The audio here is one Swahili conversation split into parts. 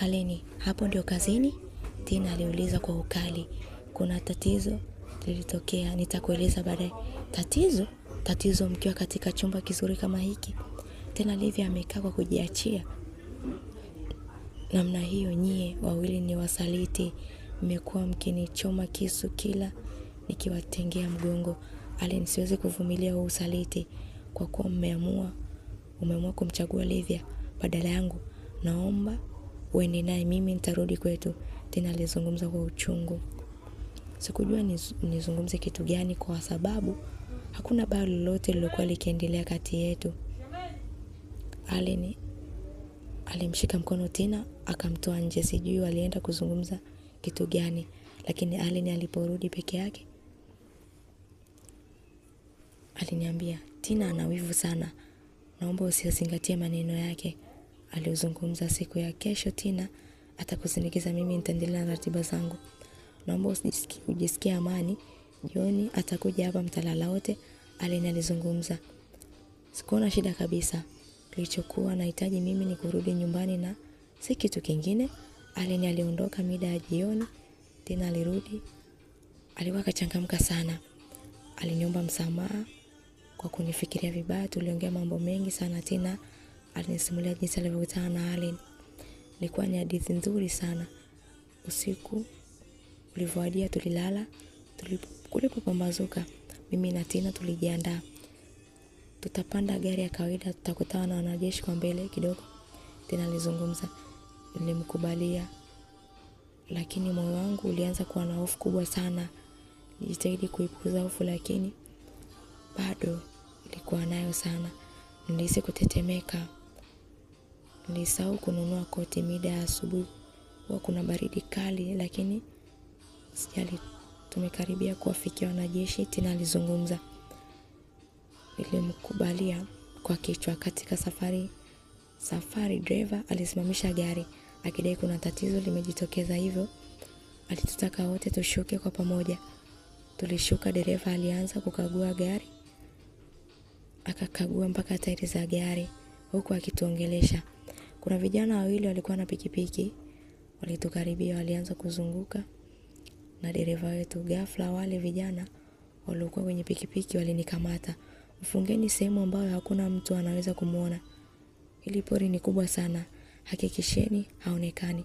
Aleni, hapo ndio kazini? Tina aliuliza kwa ukali. Kuna tatizo lilitokea, nitakueleza baadaye. Tatizo? Tatizo mkiwa katika chumba kizuri kama hiki? Tena Livia amekaa kwa kujiachia namna hiyo. Nyie wawili ni wasaliti, mmekuwa mkinichoma kisu kila nikiwatengea mgongo. Aleni, siwezi kuvumilia huu usaliti. Kwa kuwa mmeamua umeamua kumchagua Livia badala yangu, naomba uende naye, mimi nitarudi kwetu. Tena alizungumza kwa uchungu. Sikujua nizungumze kitu gani kwa sababu hakuna baya lolote lilokuwa likiendelea kati yetu. alini alimshika mkono Tina akamtoa nje. Sijui alienda kuzungumza kitu gani, lakini Allen aliporudi peke yake aliniambia, Tina ana wivu sana, naomba usizingatie maneno yake aliozungumza siku ya kesho Tina atakusindikiza, mimi nitaendelea na ratiba zangu. Naomba ujisikie amani. Jioni atakuja hapa, mtalala wote, Allen alizungumza. Sikuona shida kabisa. Kilichokuwa nahitaji mimi ni kurudi nyumbani na si kitu kingine. Allen aliondoka mida ya jioni. tena alirudi, alikuwa akachangamka sana. Aliniomba msamaha kwa kunifikiria vibaya. Tuliongea mambo mengi sana Tina alinisimulia jinsi alivyokutana na Allen. Ilikuwa ni hadithi nzuri sana. Usiku ulivyowadia, tulilala kulipopambazuka. Mimi na Tina tulijiandaa, tutapanda gari ya kawaida, tutakutana na wanajeshi kwa mbele kidogo. Tina alizungumza, nilimkubalia, lakini moyo wangu ulianza kuwa na hofu kubwa sana. Nilijitahidi kuipuza hofu, lakini bado ilikuwa nayo sana. Nilihisi kutetemeka. Nilisahau kununua koti mida ya asubuhi huwa kuna baridi kali lakini sijali tumekaribia kuwafikia wanajeshi tena alizungumza. Nilimkubalia kwa kichwa katika safari safari driver alisimamisha gari akidai kuna tatizo limejitokeza hivyo alitutaka wote tushuke kwa pamoja. Tulishuka dereva alianza kukagua gari. Akakagua mpaka tairi za gari huku akituongelesha. Kuna vijana wawili walikuwa na pikipiki, walitukaribia walianza kuzunguka na dereva wetu. Ghafla wale vijana waliokuwa kwenye pikipiki walinikamata. Mfungeni sehemu ambayo hakuna mtu anaweza kumwona. Hili pori ni kubwa sana. Hakikisheni haonekani.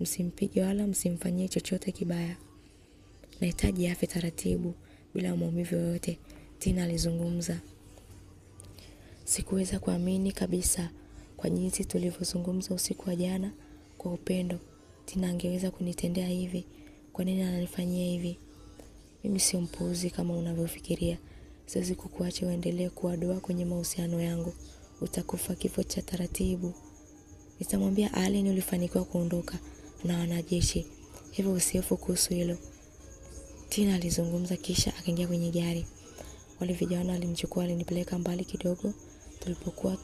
Msimpige wala msimfanyie chochote kibaya. Nahitaji afya taratibu bila maumivu yoyote. Tina alizungumza. Sikuweza kuamini kabisa kwa jinsi tulivyozungumza usiku wa jana kwa upendo, Tina angeweza kunitendea hivi. Kwa nini ananifanyia hivi? Mimi sio mpuuzi kama unavyofikiria. Siwezi kukuacha uendelee kuwa doa kwenye mahusiano yangu. Utakufa kifo cha taratibu. Nitamwambia Allen ulifanikiwa kuondoka na wanajeshi. Hivyo usihofu kuhusu hilo. Tina alizungumza kisha akaingia kwenye gari. Wale vijana walinichukua, alinipeleka mbali kidogo tulipokuwa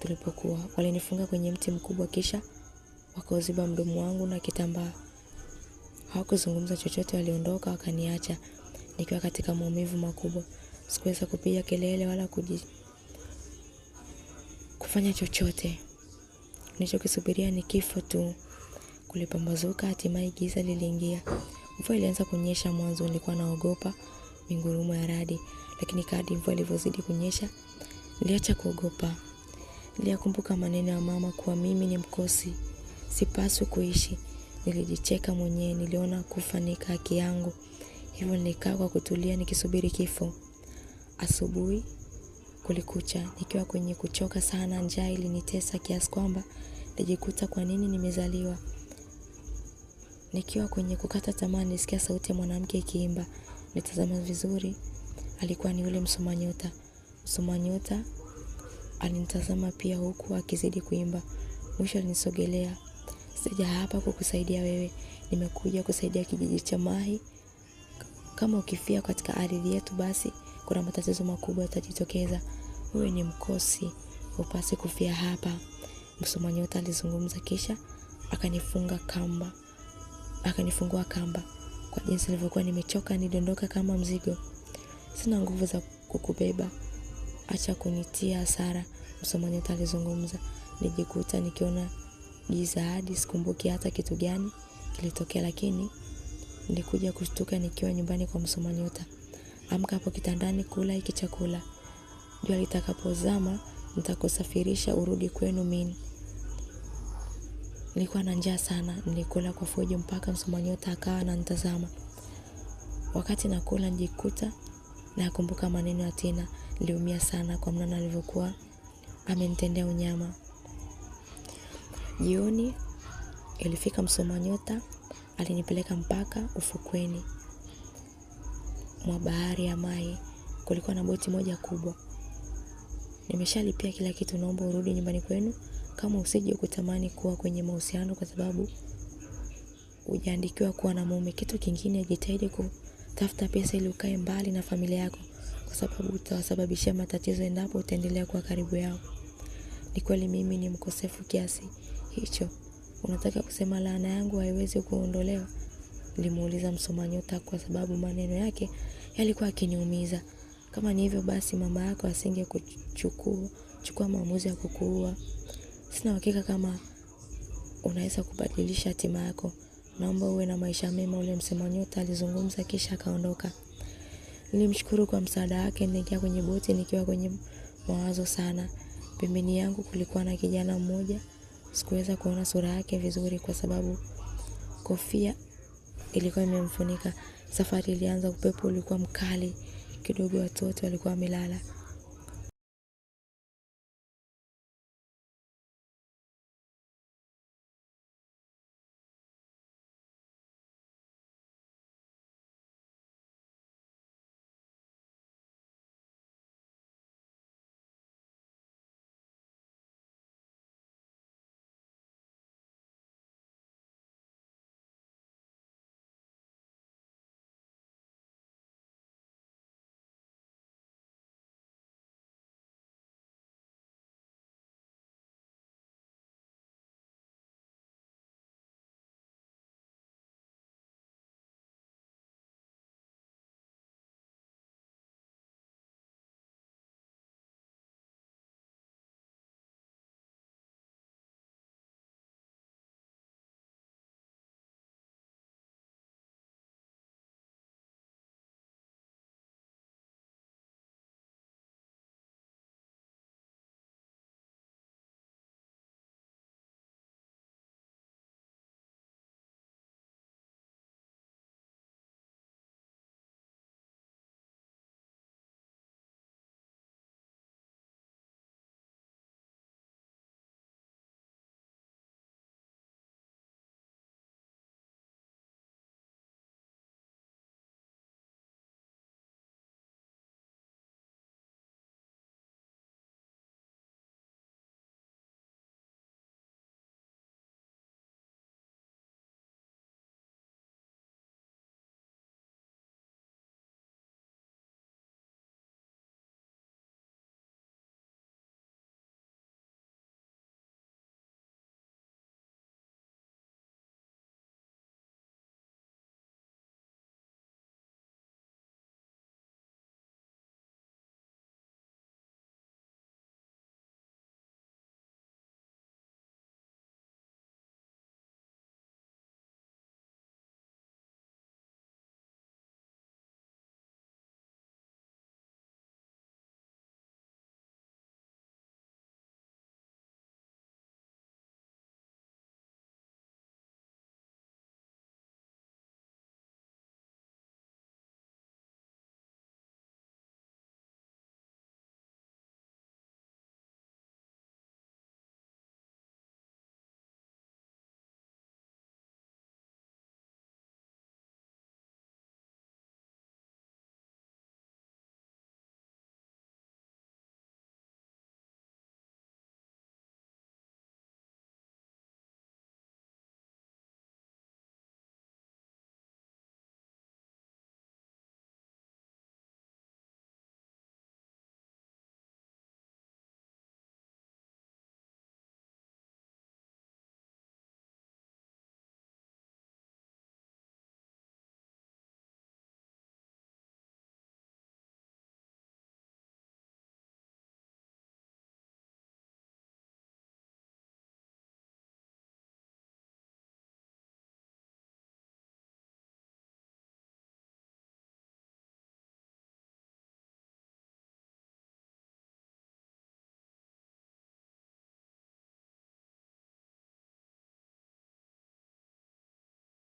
tulipokuwa. Walinifunga kwenye mti mkubwa kisha wakauziba mdomo wangu na kitambaa. Hawakuzungumza chochote, waliondoka wakaniacha nikiwa katika maumivu makubwa. Sikuweza kupiga kelele wala kuji kufanya chochote. Nilichokisubiria ni kifo tu. Kulipambazuka, hatimaye giza liliingia. Mvua ilianza kunyesha. Mwanzo nilikuwa naogopa mingurumo ya radi, lakini kadri mvua ilivyozidi kunyesha niliacha kuogopa. Niliyakumbuka maneno ya mama kuwa mimi ni mkosi, sipaswi kuishi. Nilijicheka mwenyewe, niliona kufa ni haki yangu. Hivyo nilikaa kwa kutulia nikisubiri kifo. Asubuhi kulikucha, nikiwa kwenye kuchoka sana, njaa ilinitesa kiasi kwamba nijikuta kwa nini nimezaliwa. Nikiwa kwenye kukata tamaa nisikia sauti ya mwanamke ikiimba. nitazama vizuri, alikuwa ni yule msomanyota msomanyota Alinitazama pia huku akizidi kuimba. Mwisho alinisogelea. Sija hapa kukusaidia wewe. Nimekuja kusaidia kijiji cha Mahi. Kama ukifia katika ardhi yetu basi kuna matatizo makubwa yatajitokeza. Wewe ni mkosi, upasi kufia hapa. Msoma nyota alizungumza kisha akanifunga kamba. Akanifungua kamba. Kwa jinsi nilivyokuwa nimechoka nidondoka kama mzigo. Sina nguvu za kukubeba acha kunitia hasara, msomaji hata alizungumza. Nijikuta nikiona giza hadi sikumbuki hata kitu gani kilitokea, lakini nilikuja kushtuka nikiwa nyumbani kwa msoma nyota. Amka hapo kitandani, kula hiki chakula, jua litakapozama nitakusafirisha urudi kwenu. Mimi nilikuwa na njaa sana, nilikula kwa fujo mpaka msoma nyota akawa ananitazama. Wakati nakula nijikuta nakumbuka maneno ya Tina niliumia sana kwa mnana alivyokuwa amenitendea unyama. Jioni ilifika msoma nyota alinipeleka mpaka ufukweni mwa bahari ya Mai. Kulikuwa na boti moja kubwa. Nimeshalipia kila kitu, naomba urudi nyumbani kwenu, kama usije kutamani kuwa kwenye mahusiano, kwa sababu hujaandikiwa kuwa na mume. Kitu kingine, jitahidi kutafuta pesa ili ukae mbali na familia yako kwa sababu utawasababishia matatizo endapo utaendelea kuwa karibu yao. Ni kweli mimi ni mkosefu kiasi hicho, unataka kusema laana yangu haiwezi kuondolewa? Nilimuuliza msoma nyota kwa sababu maneno yake yalikuwa akiniumiza. Kama ni hivyo basi, mama yako asinge kuchukua chukua maamuzi ya kukuua. Sina uhakika kama unaweza kubadilisha hatima yako. Naomba uwe na maisha mema, ule msema nyota alizungumza, kisha akaondoka. Nilimshukuru kwa msaada wake nikiwa kwenye boti nikiwa kwenye mawazo sana. Pembeni yangu kulikuwa na kijana mmoja, sikuweza kuona sura yake vizuri kwa sababu kofia ilikuwa imemfunika. Safari ilianza, upepo ulikuwa mkali, kidogo watu wote walikuwa wamelala.